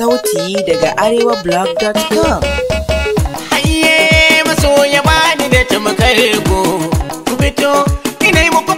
sauti daga arewa blog.com. Haye maso ya bani da tamakar ku, ku fito, inai muku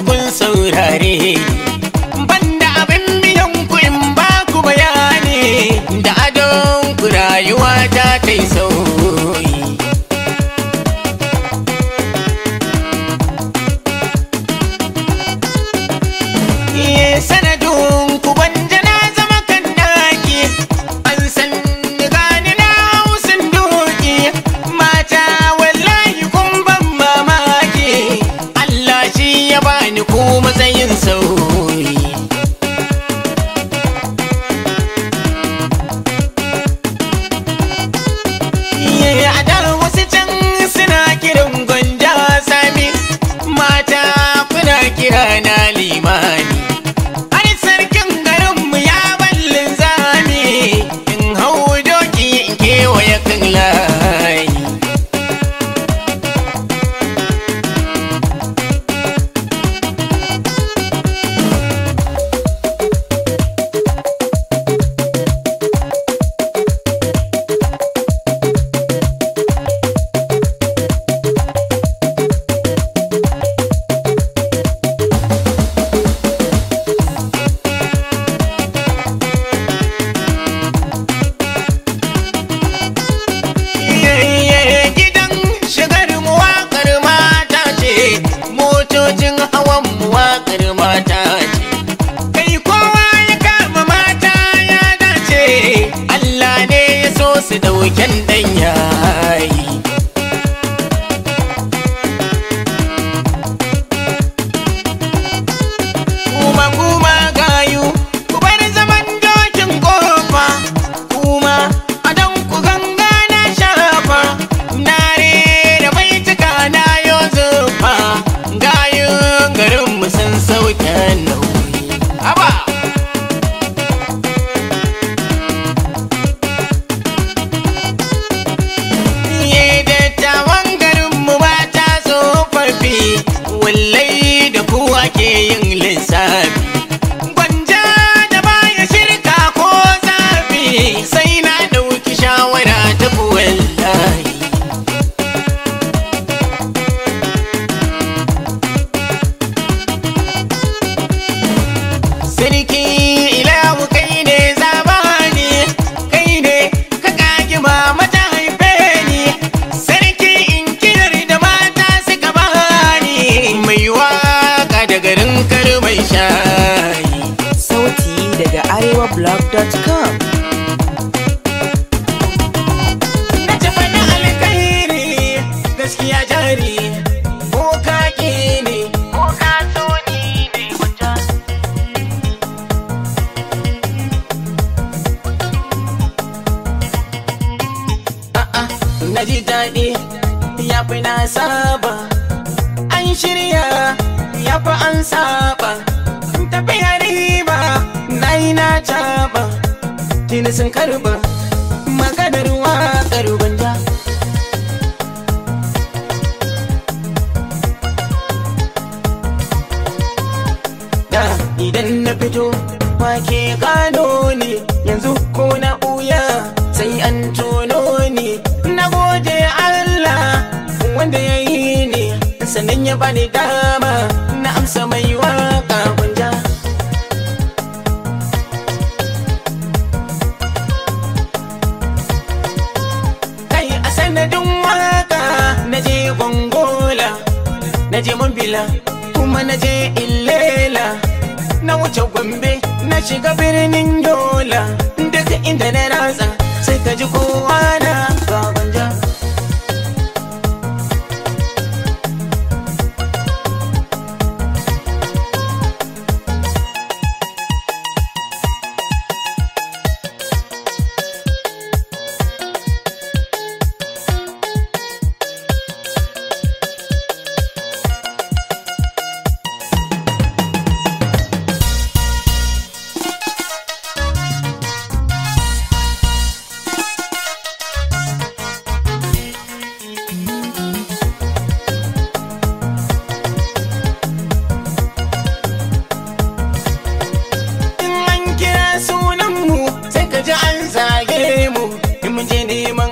kun saurare yayi sauti daga arewablog.com na tafa na alkairi gaskiya jari boka ne boka soni ne wanda a'a na ji daɗi ya na saba an shirya ya an saba tuni sun karba maganar waƙar gwanda da idan na fito wake gano ne yanzu ko na uya sai an tono ne na gode Allah wanda ya yi ne sannan ya bani dama na amsa mai wa na rantsa sai ka ji kowa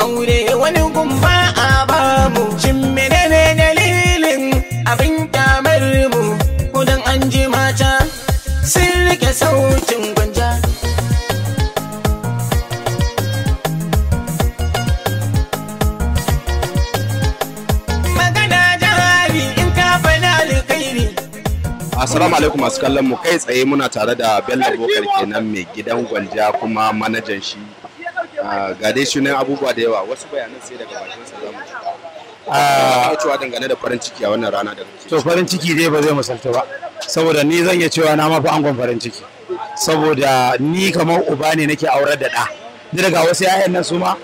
aure wani gumba a bamu shin menene dalilin abin kyamar mu kudan an ji mata sun rike sautin gwanja Assalamu alaikum masu kallon mu kai tsaye muna tare da Bello Bokar kenan mai gidan gwanja kuma manajan shi Ah, ga dai shi abubuwa da yawa wasu bayanan sai daga bakin sa zamu a ah. cewa dangane da farin ciki a wannan rana da to farin ciki dai ba zai misalta ba saboda ni zan iya cewa na mafi angon farin ciki saboda ni kamar uba ne nake aurar da ɗa ni daga wasu 'ya'yan nan su ma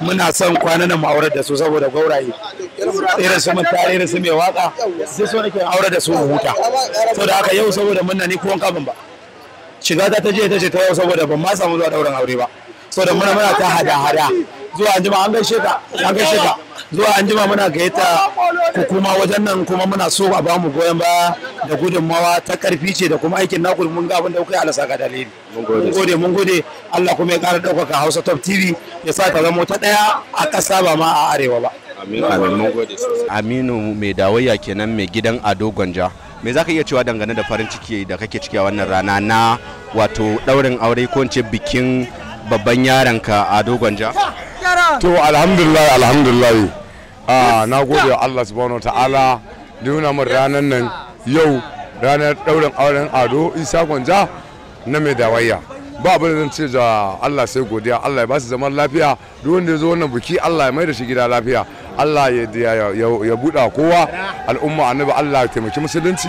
muna son kwanan nan mu aurar da su saboda gauraye irin su mun tare irin su mai waka sai so nake aurar da su huta saboda haka yau saboda mun na ni ko kafin ba shiga ta je ta ce ta yau saboda ban ma samu zuwa dauran aure ba so da muna muna ta hada hada zuwa anjima an gaishe ka an gaishe ka zuwa anjima muna gaita ku kuma wajen nan kuma muna so a bamu goyon ba da gudunmawa ta karfi ce da kuma aikin naku mun ga abin da kuka yi alasa ga dalili mun gode mun gode Allah kuma ya kara daukaka Hausa Top TV ya sa ta zama ta daya a kasa ba ma a arewa ba Aminu mai dawayya kenan mai gidan Ado Gwanja me za ka iya cewa dangane da farin ciki da kake ciki a wannan rana na wato daurin aure ko bikin babban yaranka a dogonja to alhamdulillah alhamdulillah a ah, na gode wa Allah subhanahu ta'ala nuna min ranar nan yau ranar daurin auren ado isa gwanja na mai dawayya ba abin da zan ce da Allah sai godiya Allah ya ba su zaman lafiya duk wanda ya zo wannan buki Allah ya mai da shi gida lafiya Allah ya buɗa kowa al'umma annabi Allah ya taimaki musulunci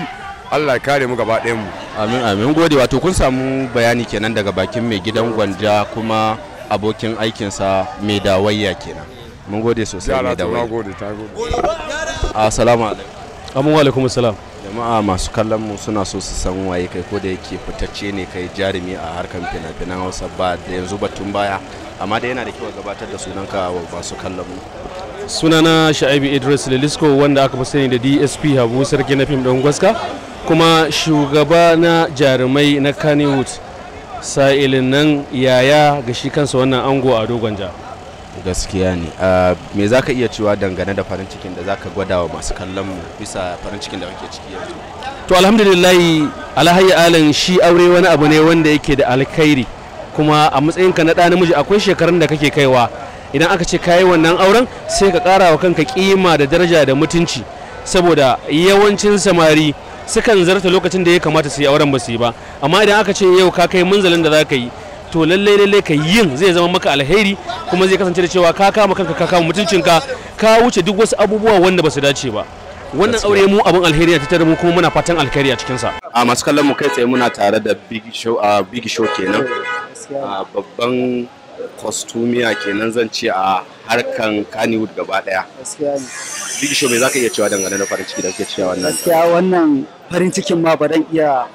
Allah kare mu gaba ɗayan mu amin amin gode wato kun samu bayani kenan daga bakin mai gidan gwanja kuma abokin aikinsa mai dawayya kenan mun gode sosai mai dawayya gode ta gode assalamu alaikum amin alaikum assalam jama'a masu kallon mu suna so su san waye kai ko da yake fitacce ne kai jarumi a harkar fina-finan hausa ba da yanzu batun baya amma da yana da kyau gabatar da sunanka wa masu kallon mu sunana sha'ibi idris lilisko wanda aka fi sani da dsp habu sarki na fim ɗin gwaska kuma shugaba na jarumai na kannywood sa'ilin nan yaya ga shi kansa wannan ango a dogon ja gaskiya ne ah, me za ka iya cewa dangane da farin cikin da za ka gwada wa masu kallon mu bisa farin cikin da kake ciki yanzu to alhamdulillahi alhayi alin shi aure wani abu ne wanda yake da alkhairi kuma a matsayinka na ɗa namiji akwai shekarun da kake kaiwa idan aka ce kayi wannan auren sai ka ƙara wa kanka kima da daraja da mutunci saboda yawancin samari sukan zarta lokacin da ya kamata su yi auren ba su yi ba amma idan aka ce yau ka kai munzalin da za ka yi to lallai lallai ka yin zai zama maka alheri kuma zai kasance da cewa ka kama kanka ka kama mutuncinka ka wuce duk wasu abubuwa wanda ba su dace ba wannan aure mu abin alheri a tattare mu kuma muna fatan alheri a cikinsa a masu kallon mu kai tsaye muna tare da big show a big show kenan a babban kostumiya kenan zan ce a harkan kaniwood gaba daya Big me za ka iya cewa dangane na farin ciki da kake cewa wannan? Gaskiya wannan farin cikin ma ba dan iya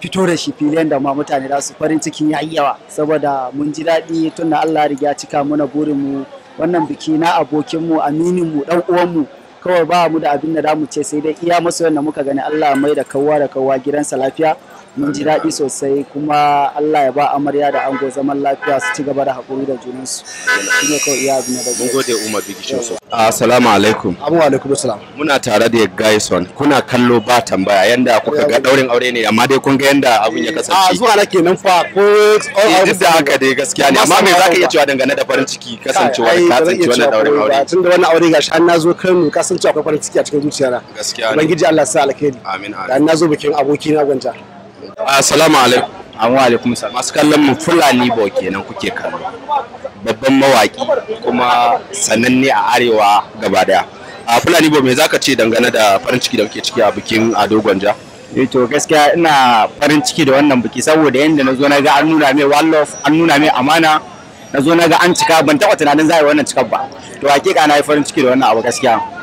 fito da shi filiyan da ma mutane da su farin cikin ya yi yawa saboda mun ji daɗi tun da Allah ya cika mana mu wannan biki na abokinmu amininmu ɗan uwanmu kawai ba mu da abin da za ce sai dai iya masoyan da muka gani Allah mai da kawwa da kawwa gidansa lafiya mun ji daɗi sosai kuma Allah ya ba amarya da ango zaman lafiya su ci gaba da haƙuri da su. shi ne kawai iya abin da mun gode Umar Bigishin so ah, assalamu alaikum abu alaikum assalam muna tare da Gaison kuna kallo ba tambaya yanda kuka ga daurin aure ne amma dai kun ga yanda abun ya eh, kasance a zuwa nake nan fa ko eh, duk da haka dai gaskiya ne amma me zaka iya cewa dangane da farin ciki kasancewa da kasance wannan daurin aure tun da wannan aure gashi an nazo mu kasancewa akwai farin ciki a cikin zuciyana gaskiya ubangiji Allah sa alkhairi amin amin dan nazo bikin abokina gwanja Assalamu alaikum. Amma alaikum salam. Masu kallon mu Fulani Bo kenan kuke kallo. Babban mawaki kuma sananne a arewa gaba daya. A Fulani Bo me zaka ce dangane da farin ciki da kuke ciki a bikin Ado Gwanja? Eh to gaskiya ina farin ciki da wannan biki saboda yadda na zo na ga an nuna mai one love an nuna mai amana na zo na ga an cika ban taɓa tunanin za a yi wannan cikar ba to hakika na yi farin ciki da wannan abu gaskiya